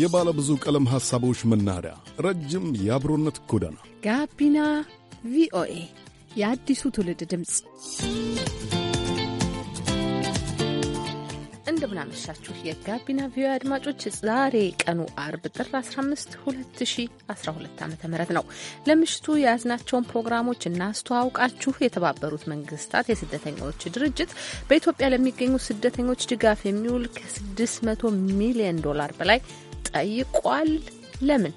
የባለ ብዙ ቀለም ሐሳቦች መናኸሪያ፣ ረጅም የአብሮነት ጎዳና ጋቢና ቪኦኤ የአዲሱ ትውልድ ድምፅ። እንደምናመሻችሁ የጋቢና ቪኦኤ አድማጮች፣ ዛሬ ቀኑ አርብ ጥር 15 2012 ዓ ም ነው። ለምሽቱ የያዝናቸውን ፕሮግራሞች እናስተዋውቃችሁ። የተባበሩት መንግስታት የስደተኞች ድርጅት በኢትዮጵያ ለሚገኙ ስደተኞች ድጋፍ የሚውል ከ600 ሚሊዮን ዶላር በላይ ጠይቋል። ለምን?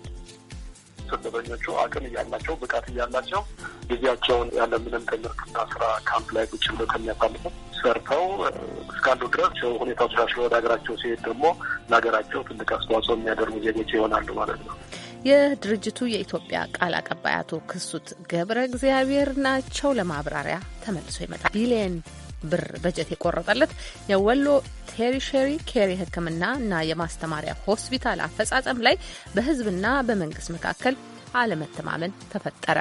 ስደተኞቹ አቅም እያላቸው ብቃት እያላቸው ጊዜያቸውን ያለ ምንም ትምህርትና ስራ ካምፕ ላይ ቁጭ ብሎ ከሚያሳልፉ ሰርተው እስካሉ ድረስ ሁኔታ ተሻሽሎ ወደ ሀገራቸው ሲሄድ ደግሞ ለሀገራቸው ትልቅ አስተዋጽኦ የሚያደርጉ ዜጎች ይሆናሉ ማለት ነው። የድርጅቱ የኢትዮጵያ ቃል አቀባይ አቶ ክሱት ገብረ እግዚአብሔር ናቸው። ለማብራሪያ ተመልሶ ይመጣል። ቢሊየን ብር በጀት የቆረጠለት የወሎ ቴሪሸሪ ኬር የሕክምና እና የማስተማሪያ ሆስፒታል አፈጻጸም ላይ በህዝብና በመንግስት መካከል አለመተማመን ተፈጠረ።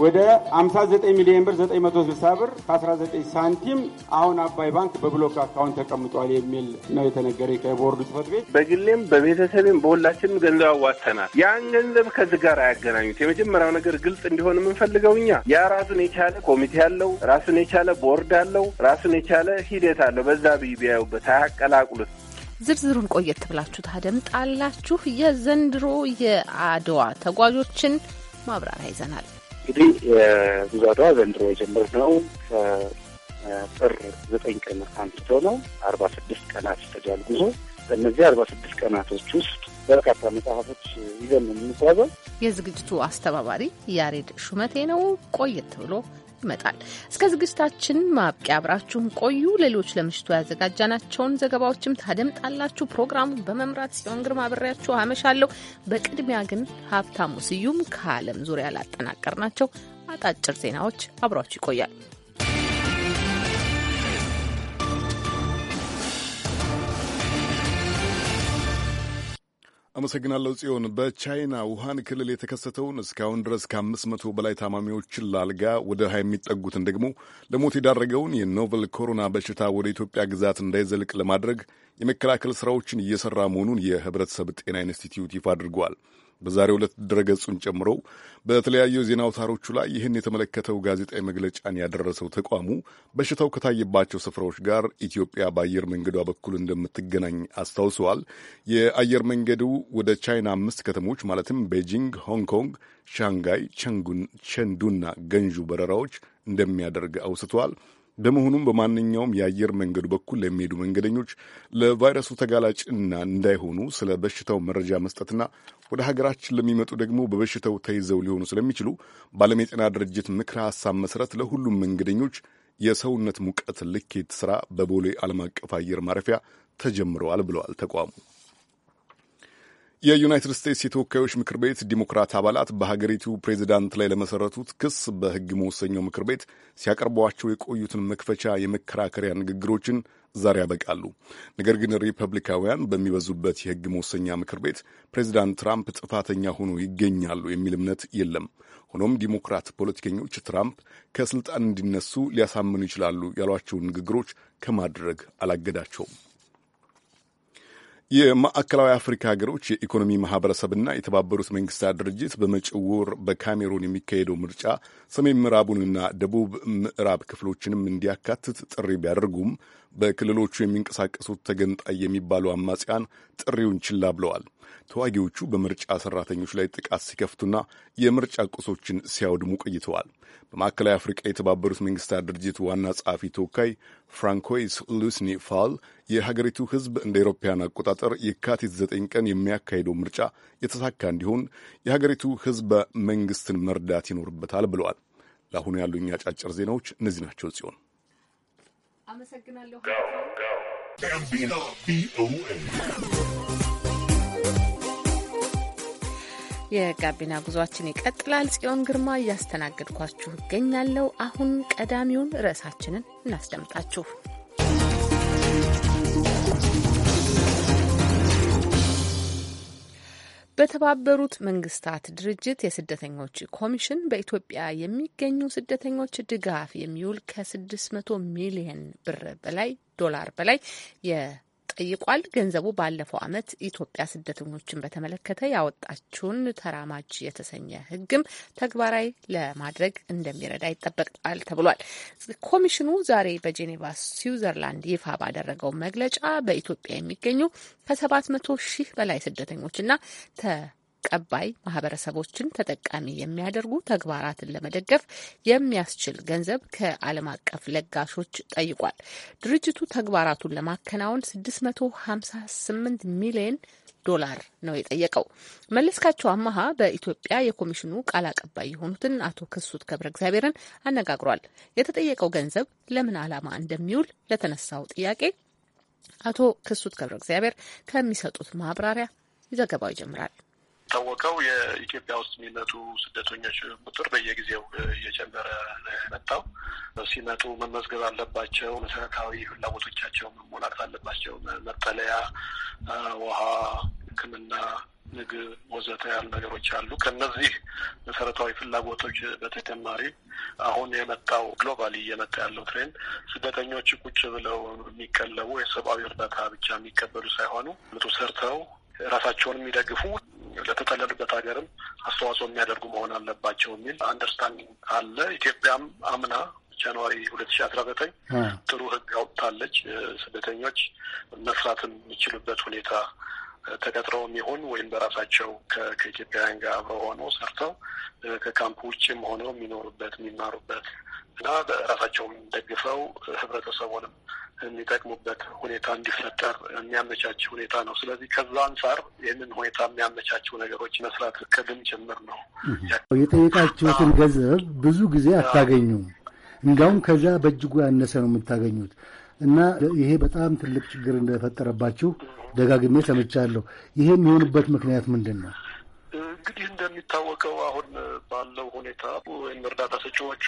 ወደ 59 ሚሊዮን ብር 960 ብር ከ19 ሳንቲም አሁን አባይ ባንክ በብሎክ አካውንት ተቀምጧል የሚል ነው የተነገረ ከቦርዱ ጽፈት ቤት። በግሌም በቤተሰብም በሁላችንም ገንዘብ አዋተናል። ያን ገንዘብ ከዚህ ጋር አያገናኙት። የመጀመሪያው ነገር ግልጽ እንዲሆን የምንፈልገው እኛ ያ ራሱን የቻለ ኮሚቴ አለው፣ ራሱን የቻለ ቦርድ አለው፣ ራሱን የቻለ ሂደት አለው። በዛ ብይ ቢያዩበት፣ አያቀላቅሉት። ዝርዝሩን ቆየት ብላችሁ ታደምጣላችሁ። የዘንድሮ የአድዋ ተጓዦችን ማብራሪያ ይዘናል። እንግዲህ የጉዞ አድዋ ዘንድሮ የጀመርነው ከጥር ዘጠኝ ቀን አንስቶ ነው። አርባ ስድስት ቀናት ይፈጃል ጉዞ። በእነዚህ አርባ ስድስት ቀናቶች ውስጥ በርካታ መጽሐፎች ይዘን የምንጓዘው። የዝግጅቱ አስተባባሪ ያሬድ ሹመቴ ነው። ቆየት ብሎ ይመጣል እስከ ዝግጅታችን ማብቂያ አብራችሁን ቆዩ። ሌሎች ለምሽቱ ያዘጋጃናቸውን ዘገባዎችም ታደምጣላችሁ። ፕሮግራሙን በመምራት ሲሆን ግርማ ብሬያችሁ አመሻለሁ። በቅድሚያ ግን ሀብታሙ ስዩም ከዓለም ዙሪያ ላጠናቀርናቸው አጫጭር ዜናዎች አብሯችሁ ይቆያል። አመሰግናለሁ ጽዮን። በቻይና ውሃን ክልል የተከሰተውን እስካሁን ድረስ ከአምስት መቶ በላይ ታማሚዎችን ላልጋ ወደ ሀያ የሚጠጉትን ደግሞ ለሞት የዳረገውን የኖቨል ኮሮና በሽታ ወደ ኢትዮጵያ ግዛት እንዳይዘልቅ ለማድረግ የመከላከል ስራዎችን እየሰራ መሆኑን የህብረተሰብ ጤና ኢንስቲትዩት ይፋ አድርጓል። በዛሬ ዕለት ድረገጹን ጨምሮ በተለያዩ ዜና አውታሮቹ ላይ ይህን የተመለከተው ጋዜጣዊ መግለጫን ያደረሰው ተቋሙ በሽታው ከታየባቸው ስፍራዎች ጋር ኢትዮጵያ በአየር መንገዷ በኩል እንደምትገናኝ አስታውሰዋል። የአየር መንገዱ ወደ ቻይና አምስት ከተሞች ማለትም ቤጂንግ፣ ሆንግ ኮንግ፣ ሻንጋይ፣ ቸንዱና ገንዡ በረራዎች እንደሚያደርግ አውስተዋል። በመሆኑም በማንኛውም የአየር መንገዱ በኩል ለሚሄዱ መንገደኞች ለቫይረሱ ተጋላጭ እና እንዳይሆኑ ስለ በሽታው መረጃ መስጠትና ወደ ሀገራችን ለሚመጡ ደግሞ በበሽታው ተይዘው ሊሆኑ ስለሚችሉ በዓለም የጤና ድርጅት ምክረ ሀሳብ መሰረት ለሁሉም መንገደኞች የሰውነት ሙቀት ልኬት ስራ በቦሌ ዓለም አቀፍ አየር ማረፊያ ተጀምረዋል ብለዋል ተቋሙ። የዩናይትድ ስቴትስ የተወካዮች ምክር ቤት ዲሞክራት አባላት በሀገሪቱ ፕሬዚዳንት ላይ ለመሰረቱት ክስ በሕግ መወሰኛው ምክር ቤት ሲያቀርቧቸው የቆዩትን መክፈቻ የመከራከሪያ ንግግሮችን ዛሬ ያበቃሉ። ነገር ግን ሪፐብሊካውያን በሚበዙበት የሕግ መወሰኛ ምክር ቤት ፕሬዚዳንት ትራምፕ ጥፋተኛ ሆኖ ይገኛሉ የሚል እምነት የለም። ሆኖም ዲሞክራት ፖለቲከኞች ትራምፕ ከስልጣን እንዲነሱ ሊያሳምኑ ይችላሉ ያሏቸውን ንግግሮች ከማድረግ አላገዳቸውም። የማዕከላዊ አፍሪካ ሀገሮች የኢኮኖሚ ማህበረሰብና የተባበሩት መንግስታት ድርጅት በመጪው ወር በካሜሩን የሚካሄደው ምርጫ ሰሜን ምዕራቡንና ደቡብ ምዕራብ ክፍሎችንም እንዲያካትት ጥሪ ቢያደርጉም በክልሎቹ የሚንቀሳቀሱት ተገንጣይ የሚባሉ አማጽያን ጥሪውን ችላ ብለዋል። ተዋጊዎቹ በምርጫ ሰራተኞች ላይ ጥቃት ሲከፍቱና የምርጫ ቁሶችን ሲያወድሙ ቆይተዋል። በማዕከላዊ አፍሪቃ የተባበሩት መንግስታት ድርጅት ዋና ጸሐፊ ተወካይ ፍራንኮይስ ሉስኒ ፋል የሀገሪቱ ሕዝብ እንደ አውሮፓውያን አቆጣጠር የካቲት ዘጠኝ ቀን የሚያካሂደው ምርጫ የተሳካ እንዲሆን የሀገሪቱ ሕዝብ መንግስትን መርዳት ይኖርበታል ብለዋል። ለአሁኑ ያሉኝ አጫጭር ዜናዎች እነዚህ ናቸው። ጽዮን አመሰግናለሁ። የጋቢና ጉዟችን ይቀጥላል። ጽዮን ግርማ እያስተናገድኳችሁ እገኛለሁ። አሁን ቀዳሚውን ርዕሳችንን እናስደምጣችሁ። በተባበሩት መንግስታት ድርጅት የስደተኞች ኮሚሽን በኢትዮጵያ የሚገኙ ስደተኞች ድጋፍ የሚውል ከ600 ሚሊየን ብር በላይ ዶላር በላይ ጠይቋል። ገንዘቡ ባለፈው ዓመት ኢትዮጵያ ስደተኞችን በተመለከተ ያወጣችውን ተራማጅ የተሰኘ ሕግም ተግባራዊ ለማድረግ እንደሚረዳ ይጠበቃል ተብሏል። ኮሚሽኑ ዛሬ በጄኔቫ ስዊዘርላንድ ይፋ ባደረገው መግለጫ በኢትዮጵያ የሚገኙ ከሰባት መቶ ሺህ በላይ ስደተኞችና ቀባይ ማህበረሰቦችን ተጠቃሚ የሚያደርጉ ተግባራትን ለመደገፍ የሚያስችል ገንዘብ ከዓለም አቀፍ ለጋሾች ጠይቋል። ድርጅቱ ተግባራቱን ለማከናወን 658 ሚሊዮን ዶላር ነው የጠየቀው። መለስካቸው አማሃ በኢትዮጵያ የኮሚሽኑ ቃል አቀባይ የሆኑትን አቶ ክሱት ገብረ እግዚአብሔርን አነጋግሯል። የተጠየቀው ገንዘብ ለምን ዓላማ እንደሚውል ለተነሳው ጥያቄ አቶ ክሱት ገብረ እግዚአብሔር ከሚሰጡት ማብራሪያ ዘገባው ይጀምራል። እንደሚታወቀው የኢትዮጵያ ውስጥ የሚመጡ ስደተኞች ቁጥር በየጊዜው እየጨመረ መጣው ሲመጡ መመዝገብ አለባቸው። መሰረታዊ ፍላጎቶቻቸው መሞላት አለባቸው። መጠለያ፣ ውሃ፣ ሕክምና ምግብ ወዘተ ያሉ ነገሮች አሉ። ከነዚህ መሰረታዊ ፍላጎቶች በተጨማሪ አሁን የመጣው ግሎባሊ እየመጣ ያለው ትሬንድ ስደተኞች ቁጭ ብለው የሚቀለቡ የሰብአዊ እርዳታ ብቻ የሚቀበሉ ሳይሆኑ ምጡ ሰርተው ራሳቸውን የሚደግፉ ለተጠለሉበት ሀገርም አስተዋጽኦ የሚያደርጉ መሆን አለባቸው የሚል አንደርስታንዲንግ አለ። ኢትዮጵያም አምና ጃንዋሪ ሁለት ሺ አስራ ዘጠኝ ጥሩ ህግ አውጥታለች። ስደተኞች መስራት የሚችሉበት ሁኔታ ተቀጥረው ይሁን ወይም በራሳቸው ከኢትዮጵያውያን ጋር አብረው ሆነው ሰርተው ከካምፕ ውጭም ሆነው የሚኖሩበት የሚማሩበት እና በራሳቸውም ደግፈው ህብረተሰቡንም የሚጠቅሙበት ሁኔታ እንዲፈጠር የሚያመቻች ሁኔታ ነው። ስለዚህ ከዛ አንጻር ይህንን ሁኔታ የሚያመቻቸው ነገሮች መስራት ቅድም ጭምር ነው። የጠየቃችሁትን ገንዘብ ብዙ ጊዜ አታገኙም። እንዲያውም ከዛ በእጅጉ ያነሰ ነው የምታገኙት እና ይሄ በጣም ትልቅ ችግር እንደፈጠረባችሁ ደጋግሜ ሰምቻለሁ። ይሄ የሚሆንበት ምክንያት ምንድን ነው? እንግዲህ እንደሚታወቀው አሁን ባለው ሁኔታ ወይም እርዳታ ሰጪዎቹ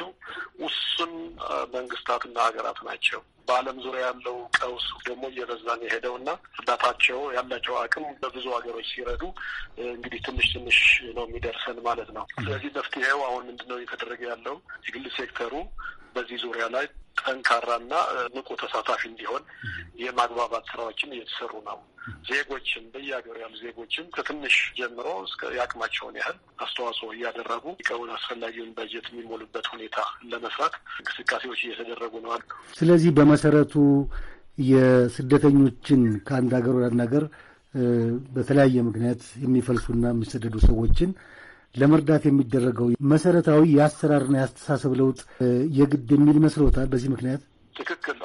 ውስን መንግስታትና ሀገራት ናቸው። በዓለም ዙሪያ ያለው ቀውስ ደግሞ እየበዛ ነው የሄደው እና እርዳታቸው ያላቸው አቅም በብዙ ሀገሮች ሲረዱ እንግዲህ ትንሽ ትንሽ ነው የሚደርሰን ማለት ነው። ስለዚህ መፍትሄው አሁን ምንድነው እየተደረገ ያለው የግል ሴክተሩ በዚህ ዙሪያ ላይ ጠንካራና ንቁ ተሳታፊ እንዲሆን የማግባባት ስራዎችን እየተሰሩ ነው። ዜጎችም በየሀገሩ ያሉ ዜጎችም ከትንሽ ጀምሮ እስከ የአቅማቸውን ያህል አስተዋጽኦ እያደረጉ ቀውን አስፈላጊውን በጀት የሚሞሉበት ሁኔታ ለመስራት እንቅስቃሴዎች እየተደረጉ ነው። ስለዚህ በመ በመሰረቱ የስደተኞችን ከአንድ ሀገር ወደ አንድ ሀገር በተለያየ ምክንያት የሚፈልሱና የሚሰደዱ ሰዎችን ለመርዳት የሚደረገው መሰረታዊ የአሰራርና የአስተሳሰብ ለውጥ የግድ የሚል መስሎታል። በዚህ ምክንያት ትክክል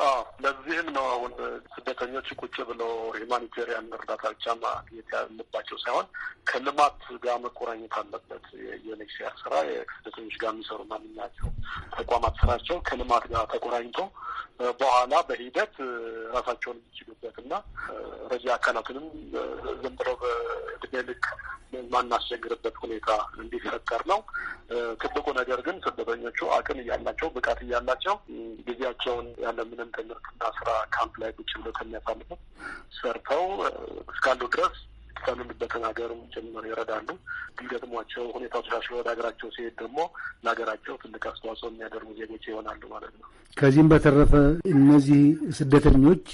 ለዚህም ነው አሁን ስደተኞች ቁጭ ብለው ሁማኒቴሪያን እርዳታ ብቻ ማግኘት ያለባቸው ሳይሆን ከልማት ጋር መቆራኘት አለበት። የዩኤንኤችሲአር ስራ ከስደተኞች ጋር የሚሰሩ ማንኛቸው ተቋማት ስራቸው ከልማት ጋር ተቆራኝቶ በኋላ በሂደት ራሳቸውን የሚችሉበት እና ረጂ አካላትንም ዝም ብለው በእድሜ ልክ ማናስቸግርበት ሁኔታ እንዲፈጠር ነው ትልቁ ነገር። ግን ስደተኞቹ አቅም እያላቸው ብቃት እያላቸው ጊዜያቸውን ያለምንም ትምህርት እና ስራ ካምፕ ላይ ቁጭ ብሎ ከሚያሳልፈው ሰርተው እስካሉ ድረስ ያሉበትን ሀገርም ጭምር ይረዳሉ። ቢገጥሟቸው ሁኔታው ተሻሽሎ ወደ ሀገራቸው ሲሄድ ደግሞ ለሀገራቸው ትልቅ አስተዋጽኦ የሚያደርጉ ዜጎች ይሆናሉ ማለት ነው። ከዚህም በተረፈ እነዚህ ስደተኞች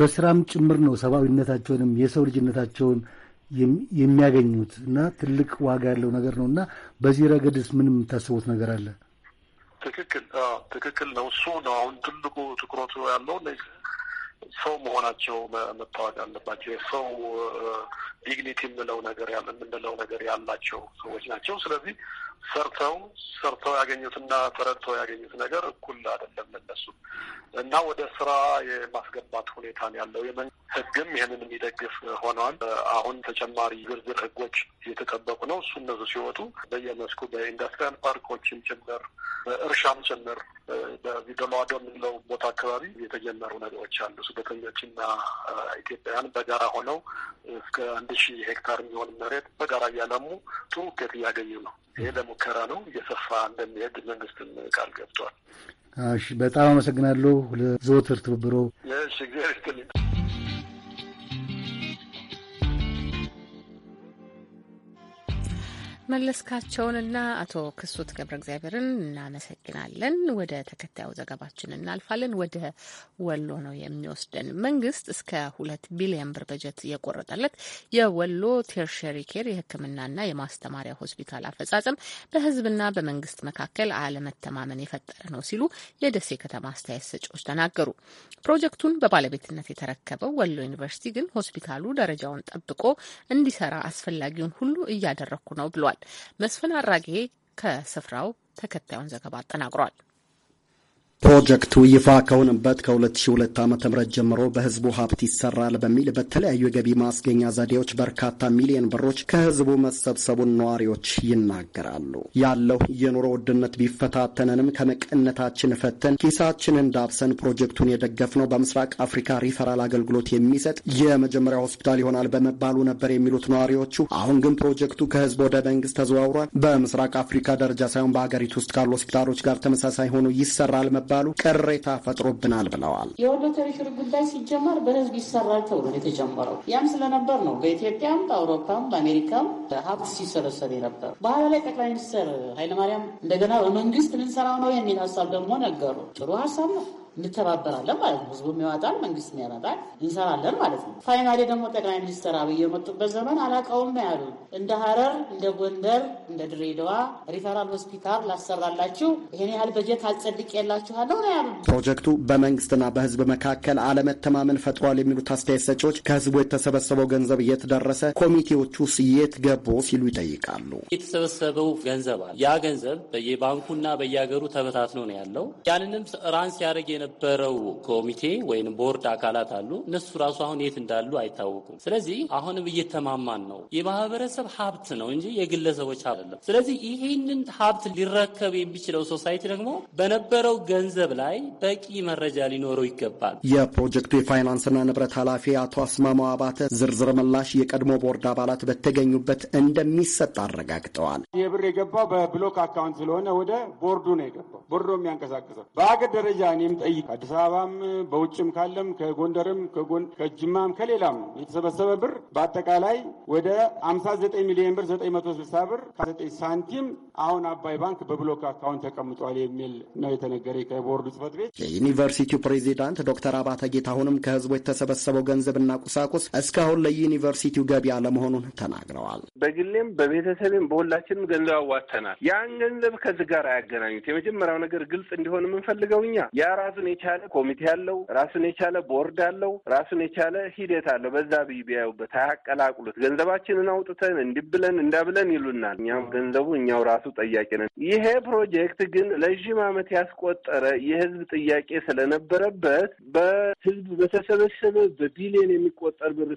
በስራም ጭምር ነው ሰብአዊነታቸውንም የሰው ልጅነታቸውን የሚያገኙት እና ትልቅ ዋጋ ያለው ነገር ነው እና በዚህ ረገድስ ምንም የምታስቡት ነገር አለ? ትክክል ትክክል ነው። እሱ ነው አሁን ትልቁ ትኩረቱ ያለው ሰው መሆናቸው መታወቅ አለባቸው። የሰው ዲግኒቲ የምንለው ነገር የምንለው ነገር ያላቸው ሰዎች ናቸው። ስለዚህ ሰርተው ሰርተው ያገኙትና ተረድተው ያገኙት ነገር እኩል አይደለም እነሱ እና ወደ ስራ የማስገባት ሁኔታ ያለው ያለው። ህግም ይህንን የሚደግፍ ሆነዋል። አሁን ተጨማሪ ዝርዝር ህጎች እየተጠበቁ ነው። እሱ እነሱ ሲወጡ በየመስኩ በኢንዱስትሪያል ፓርኮችም ጭምር በእርሻም ጭምር በማዶ የምንለው ቦታ አካባቢ የተጀመሩ ነገሮች አሉ። ስደተኞችና ኢትዮጵያውያን በጋራ ሆነው እስከ አንድ ሺህ ሄክታር የሚሆን መሬት በጋራ እያለሙ ጥሩ ውጤት እያገኙ ነው። ይሄ ለሙከራ ነው፣ እየሰፋ እንደሚሄድ መንግስትም ቃል ገብቷል። በጣም አመሰግናለሁ ለዘወትር ትብብሮ። እሺ፣ እግዚአብሔር ይስጥልኝ። መለስካቸውንና አቶ ክሱት ገብረ እግዚአብሔርን እናመሰግናለን። ወደ ተከታዩ ዘገባችን እናልፋለን። ወደ ወሎ ነው የሚወስደን። መንግስት እስከ ሁለት ቢሊዮን ብር በጀት የቆረጠለት የወሎ ቴርሸሪ ኬር የሕክምናና የማስተማሪያ ሆስፒታል አፈጻጸም በህዝብና በመንግስት መካከል አለመተማመን የፈጠረ ነው ሲሉ የደሴ ከተማ አስተያየት ሰጪዎች ተናገሩ። ፕሮጀክቱን በባለቤትነት የተረከበው ወሎ ዩኒቨርሲቲ ግን ሆስፒታሉ ደረጃውን ጠብቆ እንዲሰራ አስፈላጊውን ሁሉ እያደረግኩ ነው ብሏል። መስፍን አራጌ ከስፍራው ተከታዩን ዘገባ አጠናቅሯል። ፕሮጀክቱ ይፋ ከሆነበት ከ2002 ም ጀምሮ በህዝቡ ሀብት ይሰራል በሚል በተለያዩ የገቢ ማስገኛ ዘዴዎች በርካታ ሚሊዮን ብሮች ከህዝቡ መሰብሰቡን ነዋሪዎች ይናገራሉ። ያለው የኑሮ ውድነት ቢፈታተነንም ከመቀነታችን ፈተን ኪሳችን እንዳብሰን ፕሮጀክቱን የደገፍነው በምስራቅ አፍሪካ ሪፈራል አገልግሎት የሚሰጥ የመጀመሪያ ሆስፒታል ይሆናል በመባሉ ነበር የሚሉት ነዋሪዎቹ፣ አሁን ግን ፕሮጀክቱ ከህዝብ ወደ መንግስት ተዘዋውሯል። በምስራቅ አፍሪካ ደረጃ ሳይሆን በሀገሪቱ ውስጥ ካሉ ሆስፒታሎች ጋር ተመሳሳይ ሆኖ ይሰራል መባሉ ቅሬታ ፈጥሮብናል ብለዋል። የወሎ ሽር ጉዳይ ሲጀመር በህዝብ ይሰራል ተብሎ የተጀመረው ያም ስለነበር ነው። በኢትዮጵያም በአውሮፓም በአሜሪካም ሀብት ሲሰበሰብ የነበር በኋላ ላይ ጠቅላይ ሚኒስትር ኃይለማርያም እንደገና በመንግስት ልንሰራው ነው የሚል ሀሳብ ደግሞ ነገሩ። ጥሩ ሀሳብ ነው። እንተባበራለን ማለት ነው። ህዝቡም ያወጣል፣ መንግስት ያመጣል፣ እንሰራለን ማለት ነው። ፋይናሌ ደግሞ ጠቅላይ ሚኒስትር አብይ የመጡበት ዘመን አላቃውም ያሉ እንደ ሀረር፣ እንደ ጎንደር፣ እንደ ድሬዳዋ ሪፈራል ሆስፒታል ላሰራላችሁ ይሄን ያህል በጀት አልጸድቅ የላችኋለሁ ነው ያሉ። ፕሮጀክቱ በመንግስትና በህዝብ መካከል አለመተማመን ፈጥሯል የሚሉት አስተያየት ሰጪዎች ከህዝቡ የተሰበሰበው ገንዘብ የት ደረሰ፣ ኮሚቴዎቹ የት ገቡ ሲሉ ይጠይቃሉ። የተሰበሰበው ገንዘብ አለ። ያ ገንዘብ በየባንኩና በየሀገሩ ተበታትኖ ነው ያለው። ያንንም ራን ሲያደርግ የነበረው ኮሚቴ ወይም ቦርድ አካላት አሉ። እነሱ ራሱ አሁን የት እንዳሉ አይታወቁም። ስለዚህ አሁንም እየተማማን ነው። የማህበረሰብ ሀብት ነው እንጂ የግለሰቦች ሀብት አይደለም። ስለዚህ ይህንን ሀብት ሊረከብ የሚችለው ሶሳይቲ ደግሞ በነበረው ገንዘብ ላይ በቂ መረጃ ሊኖረው ይገባል። የፕሮጀክቱ የፋይናንስና ንብረት ኃላፊ አቶ አስማማው አባተ ዝርዝር ምላሽ የቀድሞ ቦርድ አባላት በተገኙበት እንደሚሰጥ አረጋግጠዋል። የብር የገባው በብሎክ አካውንት ስለሆነ ወደ ቦርዱ ነው የገባው። ቦርዶ የሚያንቀሳቀሰው በአገር ደረጃ እኔም ጠይቅ አዲስ አበባም በውጭም ካለም ከጎንደርም ከጅማም ከሌላም የተሰበሰበ ብር በአጠቃላይ ወደ 59 ሚሊዮን ብር 960 ብር ከ9 ሳንቲም አሁን አባይ ባንክ በብሎክ አካውንት ተቀምጧል የሚል ነው የተነገረ ከቦርዱ ጽህፈት ቤት። የዩኒቨርሲቲው ፕሬዚዳንት ዶክተር አባተ ጌታሁንም ከህዝቡ የተሰበሰበው ገንዘብና ቁሳቁስ እስካሁን ለዩኒቨርሲቲው ገቢ አለመሆኑን ተናግረዋል። በግሌም በቤተሰብም በሁላችንም ገንዘብ አዋተናል። ያን ገንዘብ ከዚህ ጋር አያገናኙት። የመጀመሪያው ነገር ግልጽ እንዲሆን የምንፈልገው እኛ የአራት ራሱን የቻለ ኮሚቴ አለው፣ ራሱን የቻለ ቦርድ አለው፣ ራሱን የቻለ ሂደት አለው። በዛ ብይ ቢያዩበት አያቀላቅሉት። ገንዘባችንን አውጥተን እንዲብለን እንዳብለን ይሉናል። እኛም ገንዘቡ እኛው ራሱ ጠያቂ ነን። ይሄ ፕሮጀክት ግን ለዥም ዓመት ያስቆጠረ የህዝብ ጥያቄ ስለነበረበት በህዝብ በተሰበሰበ በቢሊዮን የሚቆጠር ብር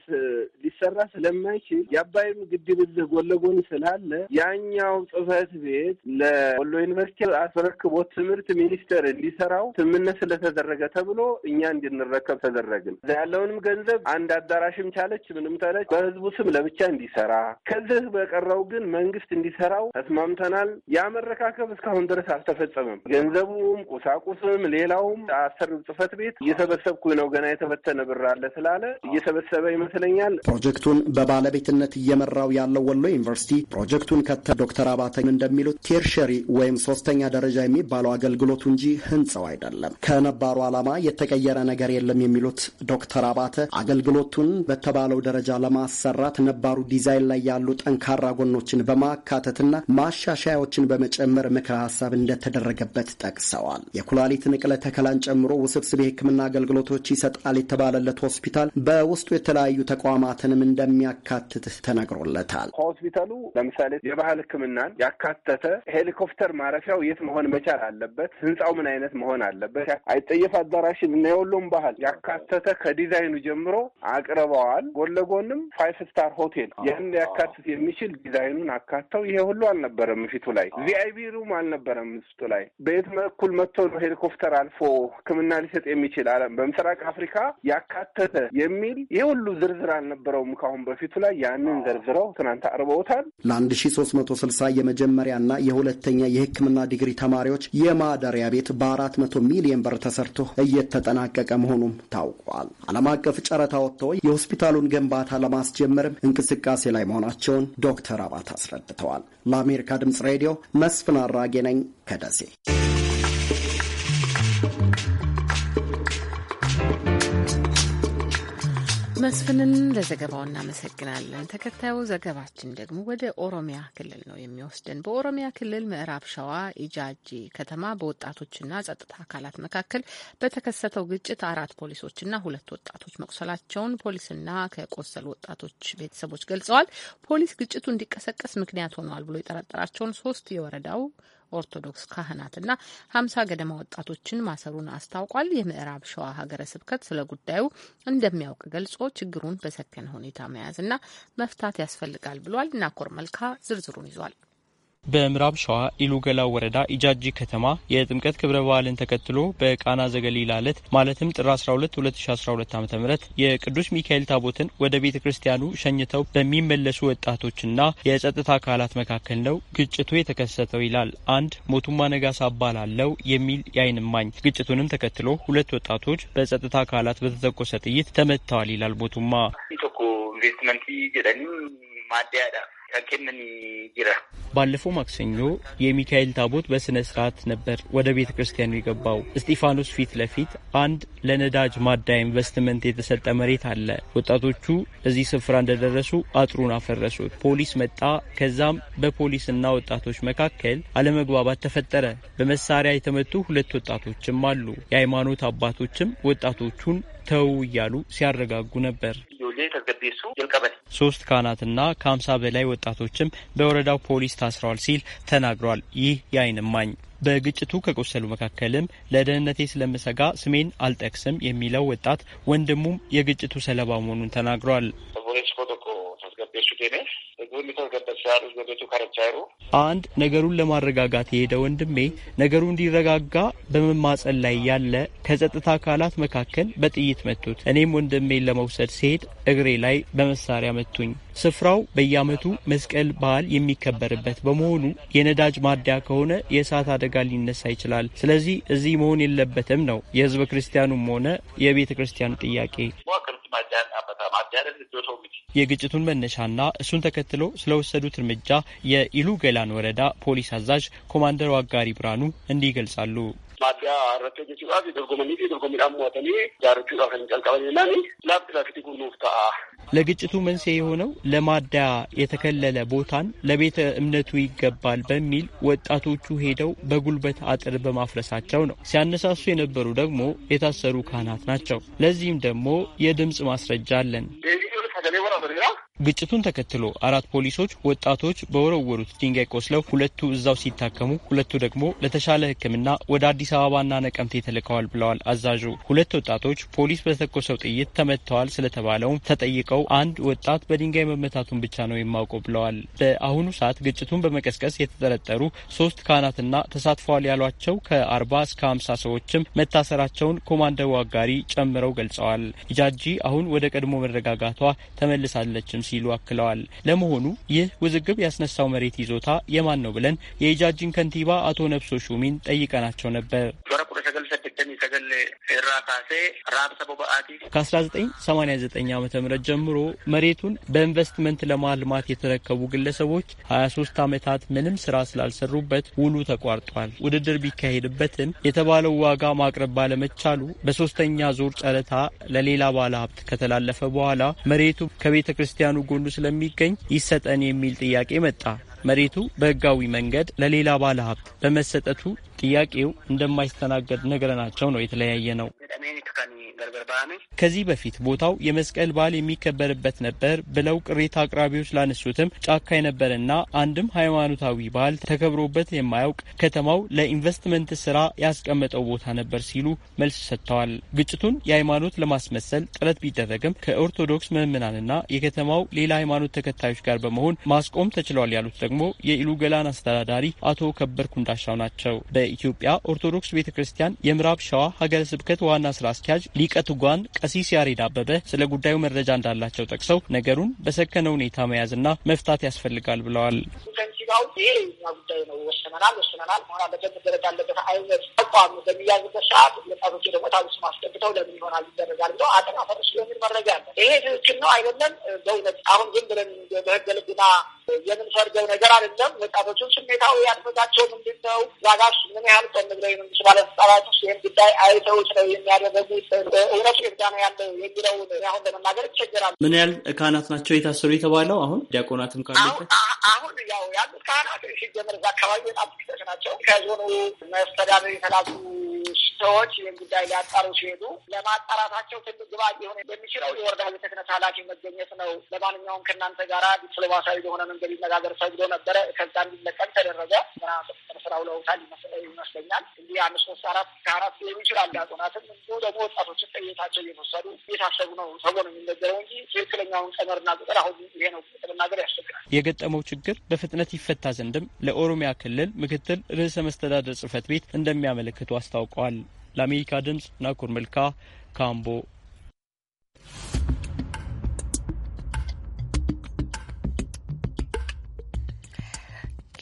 ሊሰራ ስለማይችል የአባይም ግድብ እዚህ ጎን ለጎን ስላለ ያኛው ጽህፈት ቤት ለወሎ ዩኒቨርሲቲ አስረክቦት ትምህርት ሚኒስቴር እንዲሰራው ስምምነት ስለተደረገ ተብሎ እኛ እንድንረከብ ተደረግን። እዛ ያለውንም ገንዘብ አንድ አዳራሽም ቻለች ምንም ተለች በህዝቡ ስም ለብቻ እንዲሰራ፣ ከዚህ በቀረው ግን መንግስት እንዲሰራው ተስማምተናል። የአመረካከብ እስካሁን ድረስ አልተፈጸመም። ገንዘቡም ቁሳቁስም ሌላውም አሰሪው ጽህፈት ቤት እየሰበሰብኩ ነው ገና የተበተነ ብር አለ ስላለ እየሰበሰበ ይመስለኛል። ፕሮጀክቱን በባለቤትነት እየመራው ያለው ወሎ ዩኒቨርሲቲ ፕሮጀክቱን ከተ ዶክተር አባተኝ እንደሚሉት ቴርሸሪ ወይም ሶስተኛ ደረጃ የሚባለው አገልግሎቱ እንጂ ህንፃው አይደለም። ለነባሩ ዓላማ የተቀየረ ነገር የለም የሚሉት ዶክተር አባተ አገልግሎቱን በተባለው ደረጃ ለማሰራት ነባሩ ዲዛይን ላይ ያሉ ጠንካራ ጎኖችን በማካተትና ማሻሻያዎችን በመጨመር ምክረ ሀሳብ እንደተደረገበት ጠቅሰዋል። የኩላሊት ንቅለ ተከላን ጨምሮ ውስብስብ የሕክምና አገልግሎቶች ይሰጣል የተባለለት ሆስፒታል በውስጡ የተለያዩ ተቋማትንም እንደሚያካትት ተነግሮለታል። ሆስፒታሉ ለምሳሌ የባህል ሕክምናን ያካተተ ሄሊኮፕተር ማረፊያው የት መሆን መቻል አለበት፣ ህንፃው ምን አይነት መሆን አለበት፣ አይጠየፍ አዳራሽን እና የወሎም ባህል ያካተተ ከዲዛይኑ ጀምሮ አቅርበዋል። ጎን ለጎንም ፋይፍ ስታር ሆቴል ይህን ሊያካትት የሚችል ዲዛይኑን አካተው ይሄ ሁሉ አልነበረም። ፊቱ ላይ ቪአይቪ ሩም አልነበረም። ፊቱ ላይ በየት በኩል መጥቶ ነው ሄሊኮፕተር አልፎ ሕክምና ሊሰጥ የሚችል አለም በምስራቅ አፍሪካ ያካተተ የሚል ይህ ሁሉ ዝርዝር አልነበረውም ካሁን በፊቱ ላይ ያንን ዘርዝረው ትናንት አቅርበውታል። ለአንድ ሺ ሶስት መቶ ስልሳ የመጀመሪያና የሁለተኛ የሕክምና ዲግሪ ተማሪዎች የማደሪያ ቤት በአራት መቶ ሚሊዮን ብር ተሰርቶ እየተጠናቀቀ መሆኑም ታውቋል። ዓለም አቀፍ ጨረታ ወጥተው የሆስፒታሉን ግንባታ ለማስጀመርም እንቅስቃሴ ላይ መሆናቸውን ዶክተር አባት አስረድተዋል። ለአሜሪካ ድምጽ ሬዲዮ መስፍን አራጌ ነኝ ከደሴ። መስፍንን ለዘገባው እናመሰግናለን። ተከታዩ ዘገባችን ደግሞ ወደ ኦሮሚያ ክልል ነው የሚወስደን። በኦሮሚያ ክልል ምዕራብ ሸዋ ኢጃጂ ከተማ በወጣቶችና ጸጥታ አካላት መካከል በተከሰተው ግጭት አራት ፖሊሶችና ሁለት ወጣቶች መቁሰላቸውን ፖሊስና ከቆሰሉ ወጣቶች ቤተሰቦች ገልጸዋል። ፖሊስ ግጭቱ እንዲቀሰቀስ ምክንያት ሆነዋል ብሎ የጠረጠራቸውን ሶስት የወረዳው ኦርቶዶክስ ካህናትና ሀምሳ ገደማ ወጣቶችን ማሰሩን አስታውቋል። የምዕራብ ሸዋ ሀገረ ስብከት ስለ ጉዳዩ እንደሚያውቅ ገልጾ ችግሩን በሰከነ ሁኔታ መያዝና መፍታት ያስፈልጋል ብሏል። ናኮር መልካ ዝርዝሩን ይዟል። በምዕራብ ሸዋ ኢሉገላ ወረዳ ኢጃጂ ከተማ የጥምቀት ክብረ በዓልን ተከትሎ በቃና ዘገሊላ ዕለት ማለትም ጥር 12 2012 ዓ ም የቅዱስ ሚካኤል ታቦትን ወደ ቤተ ክርስቲያኑ ሸኝተው በሚመለሱ ወጣቶችና የጸጥታ አካላት መካከል ነው ግጭቱ የተከሰተው ይላል አንድ ሞቱማ ነጋሳ አባላለው የሚል የዓይን እማኝ። ግጭቱንም ተከትሎ ሁለት ወጣቶች በጸጥታ አካላት በተተኮሰ ጥይት ተመትተዋል ይላል ሞቱማ። ኢንቨስትመንት ባለፈው ማክሰኞ የሚካኤል ታቦት በሥነ ሥርዓት ነበር ወደ ቤተ ክርስቲያኑ የገባው። እስጢፋኖስ ፊት ለፊት አንድ ለነዳጅ ማዳ ኢንቨስትመንት የተሰጠ መሬት አለ። ወጣቶቹ እዚህ ስፍራ እንደደረሱ አጥሩን አፈረሱት። ፖሊስ መጣ። ከዛም በፖሊስና ወጣቶች መካከል አለመግባባት ተፈጠረ። በመሳሪያ የተመቱ ሁለት ወጣቶችም አሉ። የሃይማኖት አባቶችም ወጣቶቹን ተው እያሉ ሲያረጋጉ ነበር። ሶስት ካህናትና ከሀምሳ በላይ ወጣቶችም በወረዳው ፖሊስ ታስረዋል ሲል ተናግሯል። ይህ የአይን እማኝ በግጭቱ ከቆሰሉ መካከልም ለደህንነቴ ስለምሰጋ ስሜን አልጠቅስም የሚለው ወጣት ወንድሙም የግጭቱ ሰለባ መሆኑን ተናግሯል። አንድ ነገሩን ለማረጋጋት የሄደ ወንድሜ ነገሩ እንዲረጋጋ በመማጸን ላይ ያለ ከጸጥታ አካላት መካከል በጥይት መቱት። እኔም ወንድሜን ለመውሰድ ሲሄድ እግሬ ላይ በመሳሪያ መቱኝ። ስፍራው በየዓመቱ መስቀል በዓል የሚከበርበት በመሆኑ የነዳጅ ማደያ ከሆነ የእሳት አደጋ ሊነሳ ይችላል። ስለዚህ እዚህ መሆን የለበትም ነው የህዝበ ክርስቲያኑም ሆነ የቤተ ክርስቲያኑ ጥያቄ። የግጭቱን መነሻና እሱን ተከትሎ ስለወሰዱት እርምጃ የኢሉ ገላን ወረዳ ፖሊስ አዛዥ ኮማንደር ዋጋሪ ብርሃኑ እንዲህ ይገልጻሉ። maaddaa irratti hojjechuudhaaf dorgommanii fi dorgommiidhaan mo'atanii jaaruchuudhaaf kan jalqabaninaani laabti ላፊት ጉኑፍ ta'a። ለግጭቱ መንስኤ የሆነው ለማዳ የተከለለ ቦታን ለቤተ እምነቱ ይገባል በሚል ወጣቶቹ ሄደው በጉልበት አጥር በማፍረሳቸው ነው። ሲያነሳሱ የነበሩ ደግሞ የታሰሩ ካህናት ናቸው። ለዚህም ደግሞ የድምፅ ማስረጃ አለን። ግጭቱን ተከትሎ አራት ፖሊሶች ወጣቶች በወረወሩት ድንጋይ ቆስለው ሁለቱ እዛው ሲታከሙ ሁለቱ ደግሞ ለተሻለ ሕክምና ወደ አዲስ አበባና ነቀምቴ ተልከዋል ብለዋል አዛዡ። ሁለት ወጣቶች ፖሊስ በተኮሰው ጥይት ተመትተዋል ስለተባለውም ተጠይቀው አንድ ወጣት በድንጋይ መመታቱን ብቻ ነው የማውቀው ብለዋል። በአሁኑ ሰዓት ግጭቱን በመቀስቀስ የተጠረጠሩ ሶስት ካህናትና ተሳትፈዋል ያሏቸው ከአርባ እስከ ሀምሳ ሰዎችም መታሰራቸውን ኮማንደው አጋሪ ጨምረው ገልጸዋል። ጃጂ አሁን ወደ ቀድሞ መረጋጋቷ ተመልሳለችም ሲሉ አክለዋል። ለመሆኑ ይህ ውዝግብ ያስነሳው መሬት ይዞታ የማን ነው ብለን የኢጃጅን ከንቲባ አቶ ነብሶ ሹሚን ጠይቀናቸው ነበር። ከአስራ ዘጠኝ ሰማኒያ ዘጠኝ ዓመተ ምህረት ጀምሮ መሬቱን በኢንቨስትመንት ለማልማት የተረከቡ ግለሰቦች ሀያ ሶስት ዓመታት ምንም ስራ ስላልሰሩበት ውሉ ተቋርጧል። ውድድር ቢካሄድበትም የተባለው ዋጋ ማቅረብ ባለመቻሉ በሶስተኛ ዙር ጨረታ ለሌላ ባለ ሀብት ከተላለፈ በኋላ መሬቱ ከቤተ ክርስቲያኑ ጎኑ ስለሚገኝ ይሰጠን የሚል ጥያቄ መጣ። መሬቱ በህጋዊ መንገድ ለሌላ ባለ ሀብት በመሰጠቱ ጥያቄው እንደማይስተናገድ ናቸው ነው የተለያየ ነው። ከዚህ በፊት ቦታው የመስቀል በዓል የሚከበርበት ነበር ብለው ቅሬታ አቅራቢዎች ላነሱትም ጫካ የነበረና አንድም ሃይማኖታዊ በዓል ተከብሮበት የማያውቅ ከተማው ለኢንቨስትመንት ስራ ያስቀመጠው ቦታ ነበር ሲሉ መልስ ሰጥተዋል። ግጭቱን የሃይማኖት ለማስመሰል ጥረት ቢደረግም ከኦርቶዶክስ ምዕመናንና የከተማው ሌላ ሃይማኖት ተከታዮች ጋር በመሆን ማስቆም ተችሏል ያሉት ደግሞ የኢሉገላን አስተዳዳሪ አቶ ከበር ኩንዳሻው ናቸው። የኢትዮጵያ ኦርቶዶክስ ቤተ ክርስቲያን የምዕራብ ሸዋ ሀገረ ስብከት ዋና ስራ አስኪያጅ ሊቀ ጓን ቀሲስ ያሬድ አበበ ስለ ጉዳዩ መረጃ እንዳላቸው ጠቅሰው ነገሩን በሰከነ ሁኔታ መያዝና መፍታት ያስፈልጋል ብለዋል። አውጪ የኛ ጉዳይ ነው። ወሰነናል ወሰነናል ሆና አለበት ደረጃ አለበት አይነት ተቋም በሚያዝበት ሰዓት ወጣቶች ደግሞ ታብስ ማስገብተው ለምን ይሆናል ይደረጋል ብለው አጠና ፈረስ ስለሚል መረጃ አለ። ይሄ ትክክል ነው አይደለም፣ በእውነት አሁን ግን ብለን በህገ ልቡና የምንፈርገው ነገር አይደለም። ወጣቶቹን ስሜታዊ ያድፈታቸው ምንድን ነው ዛጋሽ ምን ያህል ቀን ብለው የመንግስት ባለስልጣናት ውስጥ ይህን ጉዳይ አይተውት ነው የሚያደረጉት እውነቱ የብዳ ነው ያለው የሚለውን አሁን ለመናገር ይቸገራል። ምን ያህል ካህናት ናቸው የታሰሩ የተባለው አሁን ዲያቆናትም ካሉበት አሁን ያው ያሉ ካህናት ሲጀምር እዛ አካባቢ በጣም ጥቂቶች ናቸው። ከዞኑ መስተዳደር የተላሉ ሰዎች ይህን ጉዳይ ሊያጣሩ ሲሄዱ ለማጣራታቸው ትልቅ ግብዓት ሊሆን የሚችለው የወረዳ ቤተ ክህነት ኃላፊ መገኘት ነው። ለማንኛውም ከእናንተ ጋር ዲፕሎማሲያዊ በሆነ መንገድ ይነጋገር ሰግዶ ነበረ። ከዛ እንዲለቀም ተደረገ። ስራው ውለውታል ይመስለኛል። እንዲህ አንድ ሶስት አራት ከአራት ሊሆኑ ይችላል። ዲያቆናትም እንዲሁ ደግሞ ወጣቶችን ጠየታቸው እየወሰዱ እየታሰቡ ነው ተብሎ ነው የሚነገረው እንጂ ትክክለኛውን ቀመርና ቁጥር አሁን ይሄ ነው መናገር ያስቸግራል። የገጠመው ችግር በፍጥነት ይፈታ ዘንድም ለኦሮሚያ ክልል ምክትል ርዕሰ መስተዳደር ጽህፈት ቤት እንደሚያመለክቱ አስታውቀዋል። ለአሜሪካ ድምፅ ናኩር መልካ ካምቦ።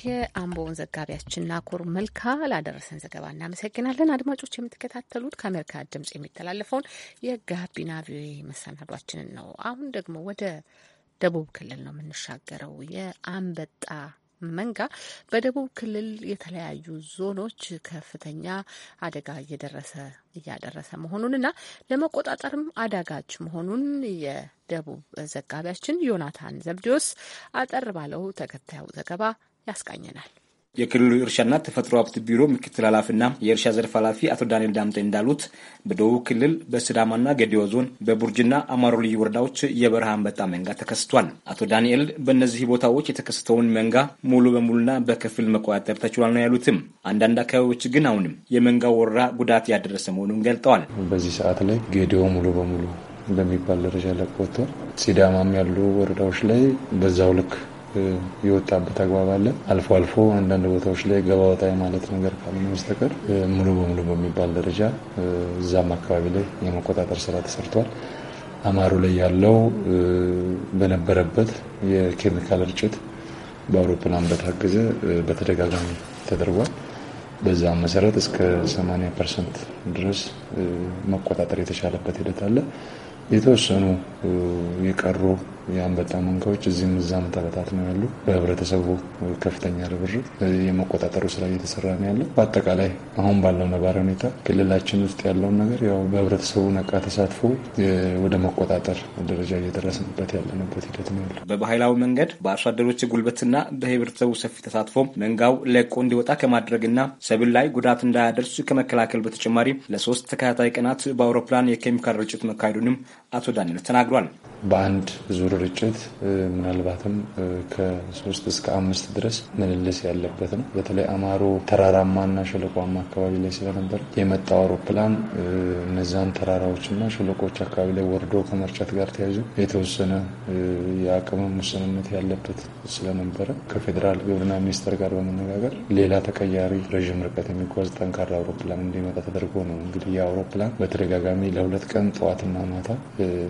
የአምቦውን ዘጋቢያችን ናኮር መልካ ላደረሰን ዘገባ እናመሰግናለን። አድማጮች የምትከታተሉት ከአሜሪካ ድምጽ የሚተላለፈውን የጋቢና ቪኦኤ መሰናዷችንን ነው። አሁን ደግሞ ወደ ደቡብ ክልል ነው የምንሻገረው። የአንበጣ መንጋ በደቡብ ክልል የተለያዩ ዞኖች ከፍተኛ አደጋ እየደረሰ እያደረሰ መሆኑን እና ለመቆጣጠርም አዳጋች መሆኑን የደቡብ ዘጋቢያችን ዮናታን ዘብዲዮስ አጠር ባለው ተከታዩ ዘገባ ያስቃኘናል። የክልሉ እርሻና ተፈጥሮ ሀብት ቢሮ ምክትል ኃላፊና የእርሻ ዘርፍ ኃላፊ አቶ ዳንኤል ዳምጤ እንዳሉት በደቡብ ክልል በስዳማና ገዲዮ ዞን በቡርጅና አማሮ ልዩ ወረዳዎች የበረሃ አንበጣ መንጋ ተከስቷል። አቶ ዳንኤል በእነዚህ ቦታዎች የተከሰተውን መንጋ ሙሉ በሙሉና በከፊል መቆጣጠር ተችሏል ነው ያሉትም። አንዳንድ አካባቢዎች ግን አሁንም የመንጋ ወረራ ጉዳት ያደረሰ መሆኑን ገልጠዋል። በዚህ ሰዓት ላይ ገዲዮ ሙሉ በሙሉ በሚባል ደረጃ ለቆ ሲዳማም ያሉ ወረዳዎች ላይ በዛው ልክ የወጣበት አግባብ አለ። አልፎ አልፎ አንዳንድ ቦታዎች ላይ ገባወጣ ማለት ነገር ካልሆነ በስተቀር ሙሉ በሙሉ በሚባል ደረጃ እዛም አካባቢ ላይ የመቆጣጠር ስራ ተሰርቷል። አማሩ ላይ ያለው በነበረበት የኬሚካል እርጭት በአውሮፕላን በታገዘ በተደጋጋሚ ተደርጓል። በዛ መሰረት እስከ 80 ፐርሰንት ድረስ መቆጣጠር የተቻለበት ሂደት አለ። የተወሰኑ የቀሩ የአንበጣ መንጋዎች እዚህም እዛም ተበታት ነው ያሉ። በህብረተሰቡ ከፍተኛ ርብር የመቆጣጠሩ ስራ እየተሰራ ነው ያለው። በአጠቃላይ አሁን ባለው ነባራዊ ሁኔታ ክልላችን ውስጥ ያለውን ነገር ያው በህብረተሰቡ ነቃ ተሳትፎ ወደ መቆጣጠር ደረጃ እየደረስንበት ያለንበት ሂደት ነው ያለው። በባህላዊ መንገድ በአርሶ አደሮች ጉልበትና በህብረተሰቡ ሰፊ ተሳትፎ መንጋው ለቆ እንዲወጣ ከማድረግና ሰብል ላይ ጉዳት እንዳያደርስ ከመከላከል በተጨማሪ ለሶስት ተከታታይ ቀናት በአውሮፕላን የኬሚካል ርጭት መካሄዱንም አቶ ዳንኤል ተናግሯል። በአንድ ዙር ርጭት ምናልባትም ከሶስት እስከ አምስት ድረስ ምልልስ ያለበት ነው። በተለይ አማሮ ተራራማና ሸለቋማ አካባቢ ላይ ስለነበር የመጣው አውሮፕላን እነዛን ተራራዎችና ሸለቆች አካባቢ ላይ ወርዶ ከመርጨት ጋር ተያይዞ የተወሰነ የአቅም ውስንነት ያለበት ስለነበረ ከፌዴራል ግብርና ሚኒስቴር ጋር በመነጋገር ሌላ ተቀያሪ ረዥም ርቀት የሚጓዝ ጠንካራ አውሮፕላን እንዲመጣ ተደርጎ ነው። እንግዲህ የአውሮፕላን በተደጋጋሚ ለሁለት ቀን ጠዋትና ማታ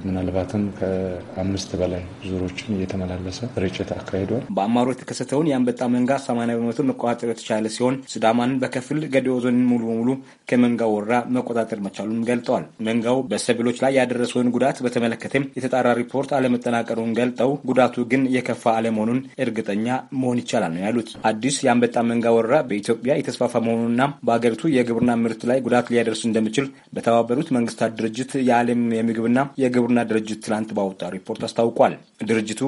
ምናልባትም ከአምስት በላይ ዙሮችን እየተመላለሰ ርጭት አካሂዷል። በአማሮ የተከሰተውን የአንበጣ መንጋ 80 በመቶ መቆጣጠር የተቻለ ሲሆን ስዳማን በከፊል ገዲዮ ዞን ሙሉ በሙሉ ከመንጋው ወረራ መቆጣጠር መቻሉን ገልጠዋል። መንጋው በሰብሎች ላይ ያደረሰውን ጉዳት በተመለከተም የተጣራ ሪፖርት አለመጠናቀሩን ገልጠው ጉዳቱ ግን የከፋ አለመሆኑን እርግጠኛ መሆን ይቻላል ነው ያሉት። አዲስ የአንበጣ መንጋ ወረራ በኢትዮጵያ የተስፋፋ መሆኑንና በአገሪቱ የግብርና ምርት ላይ ጉዳት ሊያደርስ እንደሚችል በተባበሩት መንግስታት ድርጅት የዓለም የምግብና የግብርና ድርጅት ትናንት ባወጣ ሪፖርት አስታውቋል። ድርጅቱ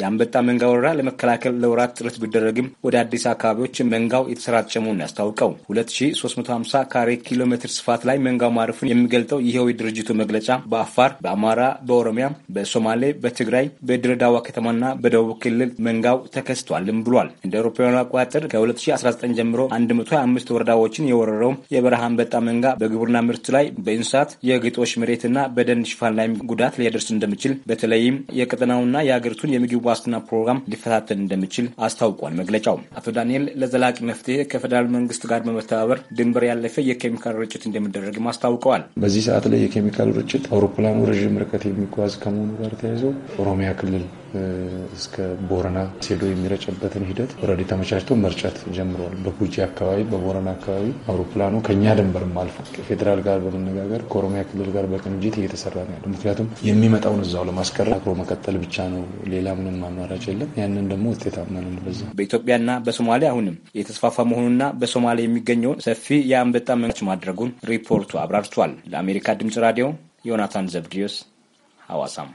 የአንበጣ መንጋ ወረራ ለመከላከል ለወራት ጥረት ቢደረግም ወደ አዲስ አካባቢዎች መንጋው የተሰራጨ መሆኑን ያስታውቀው 2350 ካሬ ኪሎ ሜትር ስፋት ላይ መንጋው ማረፉን የሚገልጠው ይኸው የድርጅቱ መግለጫ በአፋር፣ በአማራ፣ በኦሮሚያ፣ በሶማሌ፣ በትግራይ፣ በድሬዳዋ ከተማና በደቡብ ክልል መንጋው ተከስቷልም ብሏል። እንደ አውሮፓውያኑ አቆጣጠር ከ2019 ጀምሮ 125 ወረዳዎችን የወረረው የበረሃ አንበጣ መንጋ በግብርና ምርት ላይ፣ በእንስሳት የግጦሽ መሬትና በደን ሽፋን ላይ ጉዳት ሊያደርስ እንደሚችል በተለይም የቀጠናውና የአገሪቱን የምግብ ዋስትና ፕሮግራም ሊፈታተን እንደሚችል አስታውቋል መግለጫው። አቶ ዳንኤል ለዘላቂ መፍትሄ ከፌዴራል መንግስት ጋር በመተባበር ድንበር ያለፈ የኬሚካል ርጭት እንደሚደረግም አስታውቀዋል። በዚህ ሰዓት ላይ የኬሚካል ርጭት አውሮፕላኑ ረዥም ርቀት የሚጓዝ ከመሆኑ ጋር ተያይዘው ኦሮሚያ ክልል እስከ ቦረና ሴዶ የሚረጨበትን ሂደት ረዲ ተመቻችቶ መርጨት ጀምረዋል። በጉጂ አካባቢ፣ በቦረና አካባቢ አውሮፕላኑ ከኛ ድንበር አልፎ ከፌዴራል ጋር በመነጋገር ከኦሮሚያ ክልል ጋር በቅንጅት እየተሰራ ነው ያለው። ምክንያቱም የሚመጣውን እዛው ለማስቀረት አክሮ መቀጠል ብቻ ነው፣ ሌላ ምንም አማራጭ የለም። ያንን ደግሞ ውጤታማን በዛ በኢትዮጵያና በሶማሌ አሁንም የተስፋፋ መሆኑና በሶማሌ የሚገኘውን ሰፊ የአንበጣ መንች ማድረጉን ሪፖርቱ አብራርቷል። ለአሜሪካ ድምጽ ራዲዮ ዮናታን ዘብድዮስ ሐዋሳም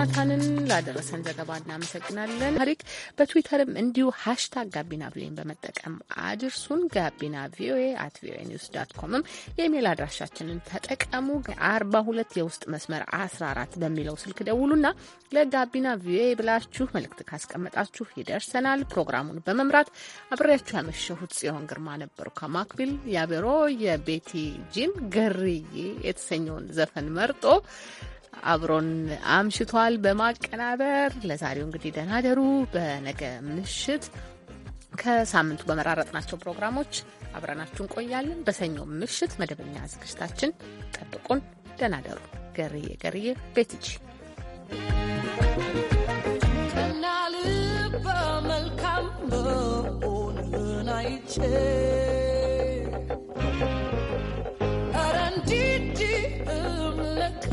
ዮናታንን ላደረሰን ዘገባ እናመሰግናለን። ታሪክ በትዊተርም እንዲሁ ሀሽታግ ጋቢና ቪኦኤን በመጠቀም አድርሱን። ጋቢና ቪኦኤ አት ቪኦኤ ኒውስ ዳት ኮምም የኢሜይል አድራሻችንን ተጠቀሙ። አርባ ሁለት የውስጥ መስመር አስራ አራት በሚለው ስልክ ደውሉና ለጋቢና ቪኦኤ ብላችሁ መልእክት ካስቀመጣችሁ ይደርሰናል። ፕሮግራሙን በመምራት አብሬያችሁ ያመሸሁት ጽዮን ግርማ ነበሩ። ከማክቢል ያበሮ የቤቲ ጂን ገርዬ የተሰኘውን ዘፈን መርጦ አብሮን አምሽቷል በማቀናበር ለዛሬው እንግዲህ ደህና ደሩ። በነገ ምሽት ከሳምንቱ በመራረጥናቸው ፕሮግራሞች አብረናችሁ እንቆያለን። በሰኞ ምሽት መደበኛ ዝግጅታችን ጠብቁን። ደህና ደሩ። ገርዬ ገርዬ ቤትጂ Did ረንዲዲ እምልካ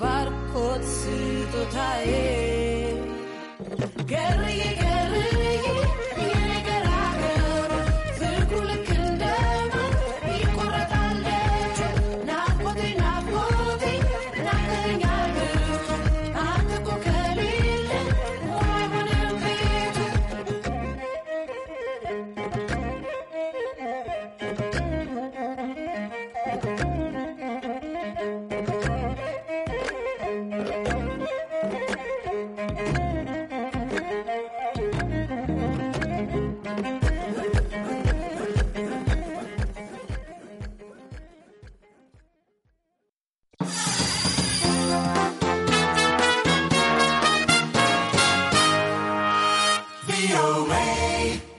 barco zurtotae. Er. Gerrige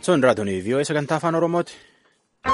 Soon Raadunii, VOS sagantaa afaan Oromooti.